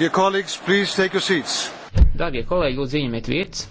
Darbie kolēģi, lūdzu, ieņemiet vietas.